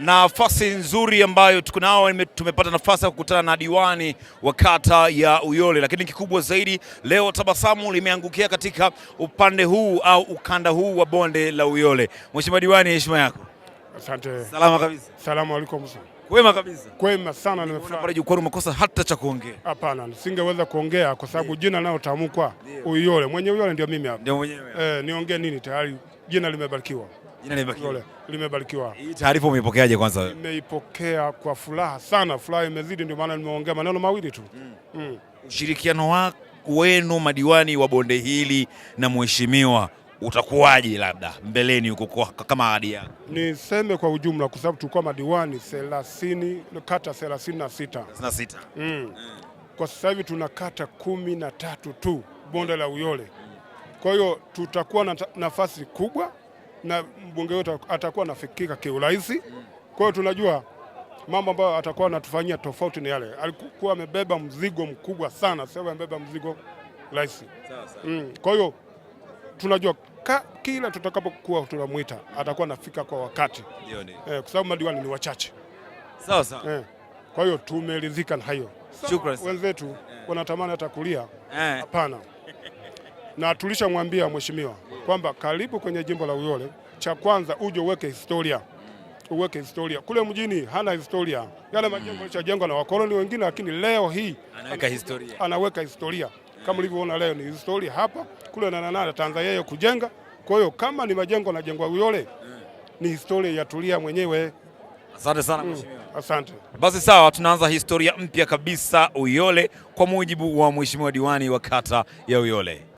nafasi nzuri ambayo tuko nao, tumepata nafasi ya kukutana na diwani wa kata ya Uyole, lakini kikubwa zaidi leo tabasamu limeangukia katika upande huu au ukanda huu wa bonde la Uyole. Mheshimiwa diwani, heshima yako. Asante. Salama kabisa. Salamu alaikum. Kwema kabisa. Kwema sana nimefurahi. Pale jukwani umekosa hata cha kuongea. Hapana, nisingeweza kuongea kwa sababu jina tamkwa Uyole, mwenye Uyole ndio mimi hapa. Ndio mwenyewe. Eh, niongee nini tayari jina limebarikiwa limebarikiwa. Hii taarifa umeipokeaje kwanza? Nimeipokea kwa furaha sana, furaha imezidi, ndio maana nimeongea maneno mawili tu mm. Mm. Ushirikiano wako wenu madiwani wa bonde hili na mheshimiwa utakuwaje labda mbeleni huko kama ahadi yako? Niseme kwa ujumla, kwa sababu tulikuwa madiwani 30 kata 36 36. Mm. Mm. Kwa sasa hivi tuna kata kumi na tatu tu bonde la Uyole, kwa hiyo tutakuwa na nafasi kubwa na mbunge wetu atakuwa anafikika kiurahisi. Kwa hiyo tunajua mambo ambayo atakuwa anatufanyia tofauti ni yale. Alikuwa amebeba mzigo mkubwa sana, sio amebeba mzigo rahisi. Mm. Kwa hiyo tunajua ka, kila tutakapokuwa tunamwita atakuwa anafika kwa wakati eh, kwa sababu madiwani ni wachache. Sawa sawa. Eh, kwa hiyo tumeridhika na hayo. Shukrani wenzetu eh, wanatamani hata kulia eh. hapana eh na tulishamwambia mheshimiwa kwamba karibu kwenye jimbo la Uyole, cha kwanza uje uweke historia uweke historia kule mjini, hana historia yale majengo mm. na wakoloni wengine, lakini leo hii anaweka historia, anaweka historia mm. kama ulivyoona leo ni historia hapa kule na nana Tanzania yeye kujenga. Kwa hiyo kama ni majengo najengwa Uyole mm. ni historia ya Tulia mwenyewe. Asante sana mm. mheshimiwa. Mm, asante. Basi sawa, tunaanza historia mpya kabisa Uyole kwa mujibu wa mheshimiwa diwani wa kata ya Uyole.